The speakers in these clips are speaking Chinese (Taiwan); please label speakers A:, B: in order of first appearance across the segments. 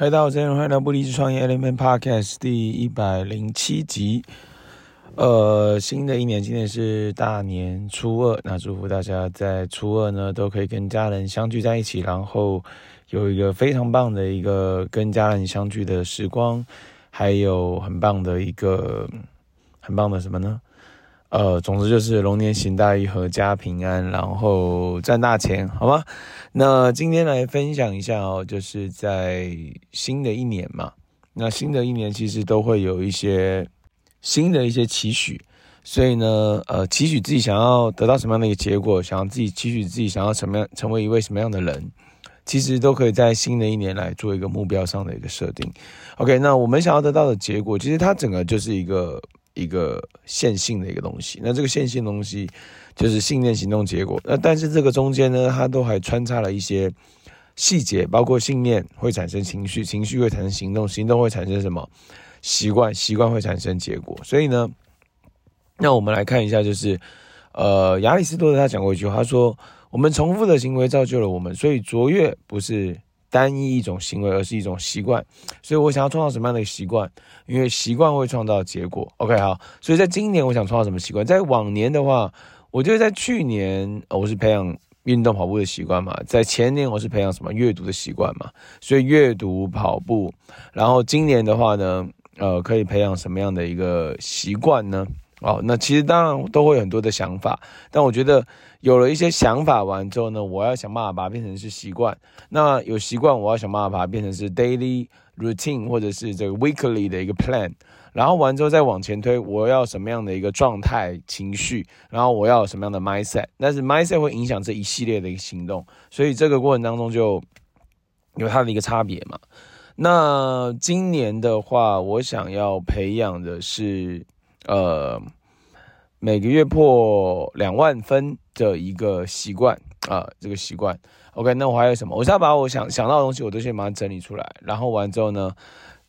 A: 嗨，大家好，歡迎回到不離職創業 Element Podcast 第一百零七集。呃，新的一年，今天是大年初二，那祝福大家在初二呢都可以跟家人相聚在一起，然後有一個非常棒的一個跟家人相聚的時光，還有很棒的一個很棒的什麼呢？呃，總之就是龍年行大運，闔家平安，然後賺大錢，好嗎？那今天來分享一下哦，就是在新的一年嘛。那新的一年其實都會有一些新的一些期許，所以呢，呃，期許自己想要得到什麼樣的一個結果，想要自己期許自己想要什麼樣，成為一位什麼樣的人，其實都可以在新的一年來做一個目標上的一個設定。OK，那我們想要得到的結果，其實它整個就是一個。一個線性的一個東西，那這個線性的東西就是信念、行動、結果。那但是這個中間呢，它都還穿插了一些細節，包括信念會產生情緒，情緒會產生行動，行動會產生什麼？習慣，習慣會產生結果。所以呢，那我們來看一下，就是呃，亞里士多德他講過一句話，他說：“我們重複的行為造就了我們，所以卓越不是。”單一一種行為，而是一種習慣，所以我想要創造什麼樣的習慣？因為習慣會創造結果。OK，好，所以在今年我想創造什麼習慣？在往年的話，我覺得在去年，哦，我是培養運動跑步的習慣嘛，在前年我是培養什麼閱讀的習慣嘛，所以閱讀跑步，然後今年的話呢，呃，可以培養什麼樣的一個習慣呢？哦、oh,，那其實當然都會有很多的想法，但我覺得有了一些想法完之後呢，我要想辦法把它變成是習慣。那有習慣，我要想辦法把它變成是 daily routine 或者是這個 weekly 的一個 plan。然後完之後再往前推，我要什麼樣的一個狀態情緒，然後我要什麼樣的 mindset。但是 mindset 會影響這一系列的一個行動，所以這個過程當中就有它的一個差別嘛。那今年的話，我想要培養的是，呃，每個月破兩萬分的一個習慣啊、呃，這個習慣。OK，那我還有什麼？我想要把我想想到的東西，我都先把它整理出來，然後完之後呢，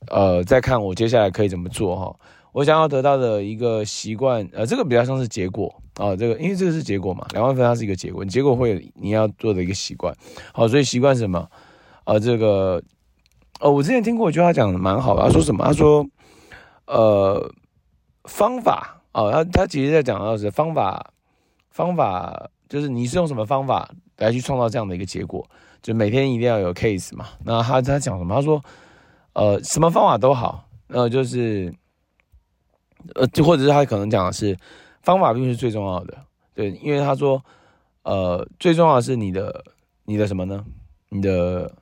A: 呃，再看我接下來可以怎麼做哈、哦。我想要得到的一個習慣，呃，這個比較像是結果啊、呃，這個因為這個是結果嘛，兩萬分它是一個結果，結果會你要做的一個習慣。好，所以習慣什麼？啊、呃，這個哦，我之前聽過一句話講的蠻好的，他說什麼？他說，呃。方法哦，他他其實在講到是方法，方法就是你是用什麼方法來去創造這樣的一個結果，就每天一定要有 case 嘛。那他他講什麼？他說，呃，什麼方法都好，呃，就是呃，就或者是他可能講的是，方法並不是最重要的，對，因為他說，呃，最重要的是你的你的什麼呢？你的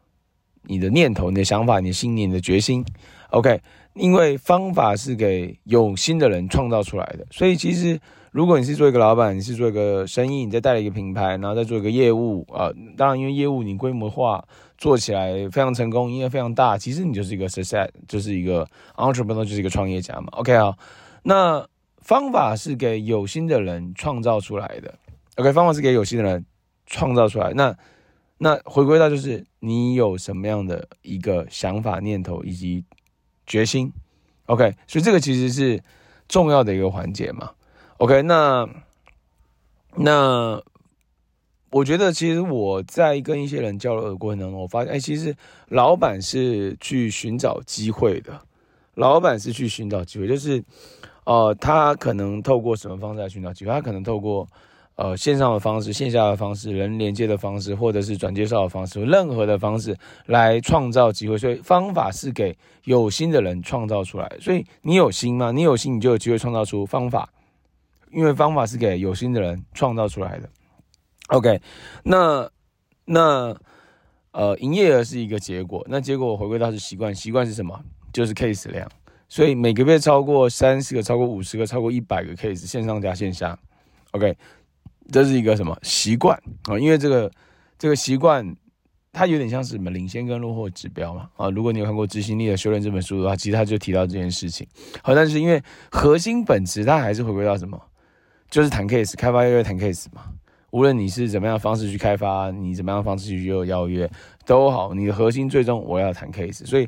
A: 你的念頭、你的想法、你的信念、你的決心，OK。因為方法是給有心的人創造出來的，所以其實如果你是做一個老闆，你是做一個生意，你再帶了一個品牌，然後再做一個業務啊、呃，當然因為業務你規模化做起來非常成功，應該非常大，其實你就是一個 success，就是一個 entrepreneur，就是一個創業家嘛。OK 啊，那方法是給有心的人創造出來的。OK，方法是給有心的人創造出來。那那回歸到就是你有什麼樣的一個想法、念頭以及。決心，OK，所以這個其實是重要的一個環節嘛，OK，那那我覺得其實我在跟一些人交流的過程當中，我發現，哎、欸，其實老板是去尋找機會的，老板是去尋找機會，就是，呃，他可能透過什麼方式來尋找機會，他可能透過。呃，線上的方式、線下的方式、人連接的方式，或者是轉介紹的方式，任何的方式來創造機會。所以方法是給有心的人創造出來。所以你有心嗎？你有心，你就有機會創造出方法，因為方法是給有心的人創造出來的。OK，那那呃，營業額是一個結果，那結果回歸到是習慣，習慣是什麼？就是 case 量。所以每個月超過三十個、超過五十個、超過一百個 case，線上加線下。OK。這是一個什麼習慣啊、嗯？因為這個這個習慣，它有點像是什麼領先跟落後指標嘛啊？如果你有看過《執行力的修煉》這本書的話，其實他就提到這件事情。好、嗯，但是因為核心本質，它還是回歸到什麼？就是談 case，開發邀約談 case 嘛。無論你是怎麼樣的方式去開發，你怎麼樣的方式去，去要約邀約都好，你的核心最終我要談 case。所以，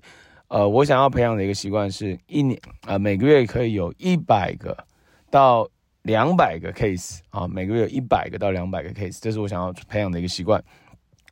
A: 呃，我想要培養的一個習慣是，一年啊、呃，每個月可以有一百個到。兩百個 case 啊，每個月有一百個到兩百個 case，這是我想要培養的一個習慣。Okay,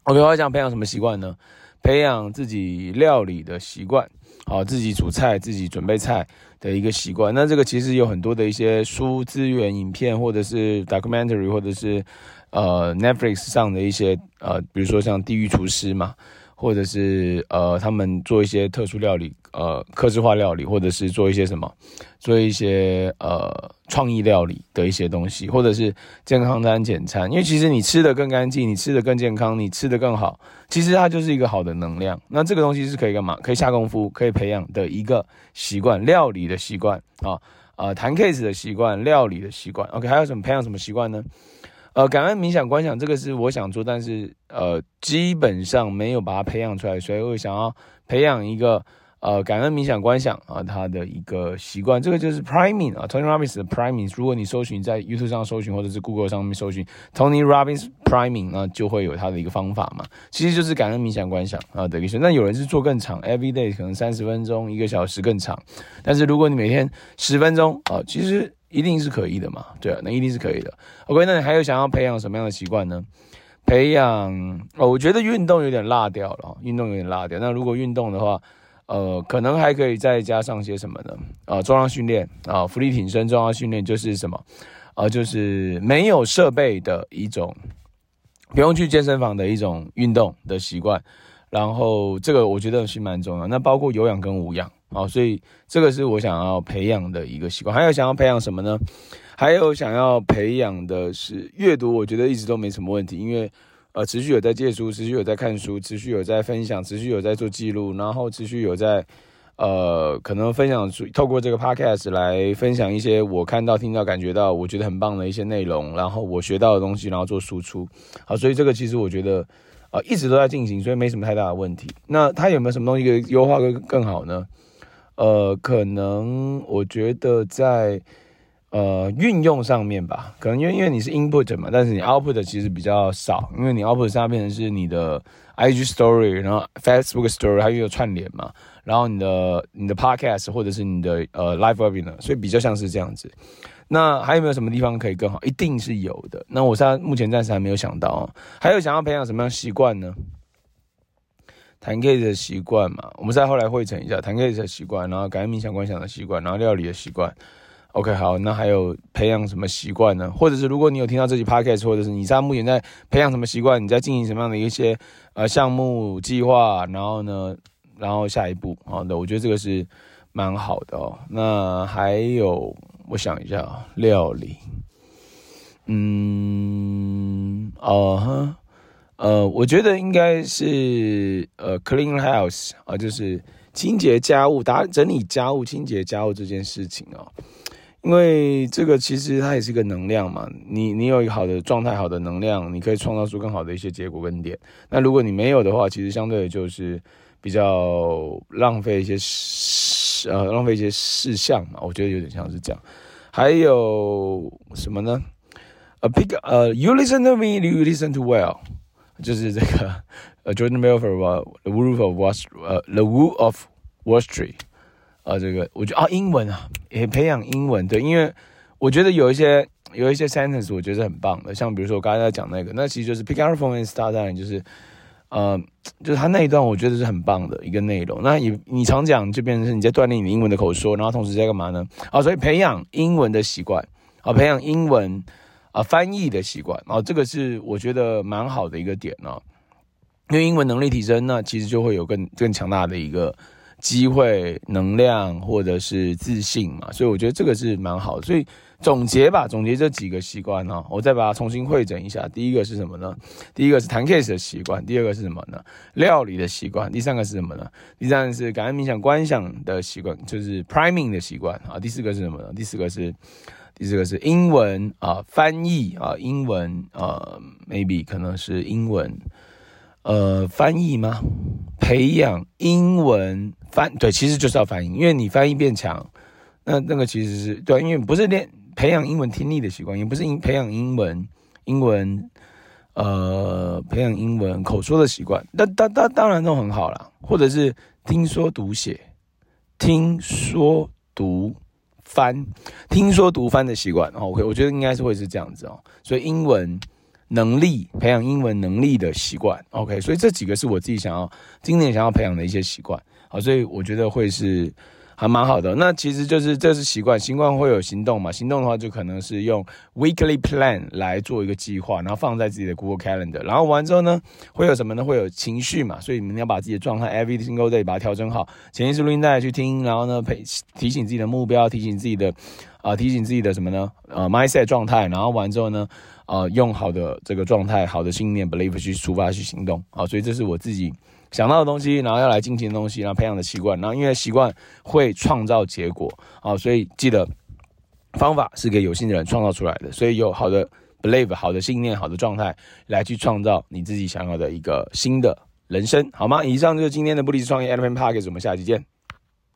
A: 我另外想培養什麼習慣呢？培養自己料理的習慣，好，自己煮菜、自己準備菜的一個習慣。那這個其實有很多的一些書、資源、影片，或者是 documentary，或者是呃 Netflix 上的一些呃，比如說像《地獄廚師》嘛，或者是呃他們做一些特殊料理。呃，客製化料理，或者是做一些什麼，做一些呃創意料理的一些東西，或者是健康餐、簡餐，因為其實你吃得更乾淨，你吃得更健康，你吃得更好，其實它就是一個好的能量。那這個東西是可以幹嘛？可以下功夫，可以培養的一個習慣，料理的習慣啊啊，談、呃、case 的習慣，料理的習慣。OK，還有什麼培養什麼習慣呢？呃，感恩冥想、觀想，這個是我想做，但是呃，基本上沒有把它培養出來，所以我想要培養一個。呃，感恩冥想觀想啊，他的一個習慣，這個就是 priming 啊，Tony Robbins 的 priming。如果你搜尋在 YouTube 上搜尋，或者是 Google 上面搜尋 Tony Robbins priming，那、啊、就會有他的一個方法嘛。其實就是感恩冥想觀想啊等於是。那有人是做更長 ，every day 可能三十分鐘、一個小時更長。但是如果你每天十分鐘啊，其實一定是可以的嘛。對啊，那一定是可以的。OK，那你還有想要培養什麼樣的習慣呢？培養哦，我覺得運動有點落掉了、啊，運動有點落掉。那如果運動的話，呃，可能還可以再加上些什麼呢？啊、呃，重量訓練啊，伏、呃、地挺身，重量訓練就是什麼？啊、呃，就是沒有設備的一種，不用去健身房的一種運動的習慣。然後這個我覺得是蠻重要。那包括有氧跟無氧，啊、呃，所以這個是我想要培養的一個習慣。還有想要培養什麼呢？還有想要培養的是閱讀，我覺得一直都沒什麼問題，因為。呃，持續有在借書，持續有在看書，持續有在分享，持續有在做記錄，然後持續有在，呃，可能分享出透過這個 podcast 來分享一些我看到、聽到、感覺到我覺得很棒的一些內容，然後我學到的東西，然後做輸出。好，所以這個其實我覺得，啊、呃，一直都在進行，所以沒什麼太大的問題。那它有沒有什麼東西可以優化更好呢？呃，可能我覺得在。呃，運用上面吧，可能因為因為你是 input 嘛，但是你 output 的其實比較少，因為你 output 上面是你的 IG story，然後 Facebook story，它又有,有串聯嘛，然後你的你的 podcast 或者是你的呃 life of y n a 所以比較像是這樣子。那還有沒有什麼地方可以更好？一定是有的。那我現在目前暫時還沒有想到還有想要培養什麼樣習慣呢？談 case 的習慣嘛，我們再後來彙成一下談 case 的習慣，然後感恩冥想觀想的習慣，然後料理的習慣。OK，好，那還有培養什麼習慣呢？或者是如果你有聽到自己 Podcast 或者是你在目前在培養什麼習慣？你在進行什麼樣的一些呃項目計劃？然後呢，然後下一步，好的、哦，我覺得這個是蠻好的哦。那還有，我想一下，哦，料理，嗯，哦哈，呃，我覺得應該是呃、uh,，clean house 啊，就是清潔家務、打整理家務、清潔家務這件事情哦。因為這個其實它也是個能量嘛，你你有一個好的狀態、好的能量，你可以創造出更好的一些結果跟點。那如果你沒有的話，其實相對的就是比較浪費一些事呃，浪費一些事項嘛。我覺得有點像是這樣。還有什麼呢？A pig, 呃，you listen to me，you listen to well，就是這個呃、uh,，Jordan Belfort, the Wolf of Wall、uh, 呃，the Wolf of Wall Street。啊，這個我覺得啊，英文啊，也培養英文對，因為我覺得有一些有一些 sentence 我覺得是很棒的，像比如說我剛才在講那個，那其實就是 pick up from and start again 就是呃，就是他那一段我覺得是很棒的一個內容。那你你常講就變成是你在鍛鍊你的英文的口說，然後同時在幹嘛呢？啊，所以培養英文的習慣啊，培養英文啊翻譯的習慣啊，這個是我覺得蠻好的一個點呢、啊、因為英文能力提升，那其實就會有更更強大的一個。機會、能量或者是自信嘛，所以我覺得這個是蠻好的。所以總結吧，總結這幾個習慣啊，我再把它重新匯整一下。第一個是什麼呢？第一個是談 case 的習慣。第二個是什麼呢？料理的習慣。第三個是什麼呢？第三個是感恩冥想觀想的習慣，就是 priming 的習慣啊。第四個是什麼呢？第四個是，第四個是英文啊，呃，翻譯啊，英文啊，呃，maybe 可能是英文呃翻譯嗎？培養英文翻，對，其實就是要翻譯，因為你翻譯變強，那那個其實是對，因為不是練培養英文聽力的習慣，也不是培養英文英文呃培養英文口說的習慣，但當當當然都很好啦，或者是聽說讀寫，聽說讀翻，聽說讀翻的習慣，OK，哦，我覺得應該是會是這樣子哦，所以英文。能力培養英文能力的習慣，OK，所以這幾個是我自己想要今年想要培養的一些習慣，好，所以我覺得會是還蠻好的。那其實就是這是習慣，習慣會有行動嘛，行動的話就可能是用 weekly plan 來做一個計劃，然後放在自己的 Google Calendar，然後玩完之後呢，會有什麼呢？會有情緒嘛，所以你們要把自己的狀態 every single day 把它調整好，前一次錄音帶去聽，然後呢，提提醒自己的目標，提醒自己的啊、呃，提醒自己的什麼呢？呃，mindset 狀態，然後玩完之後呢？啊、呃，用好的這個狀態、好的信念 b e l i e v e 去出發、去行動啊、哦，所以這是我自己想到的東西，然後要來進行的東西，然後培養的習慣。然後因為習慣會創造結果啊、哦，所以記得方法是給有心的人創造出來的。所以有好的 b e l i e v e 好的信念、好的狀態來去創造你自己想要的一個新的人生，好嗎？以上就是今天的不利斯創業 （LPN p a d k a r t 我們下期見。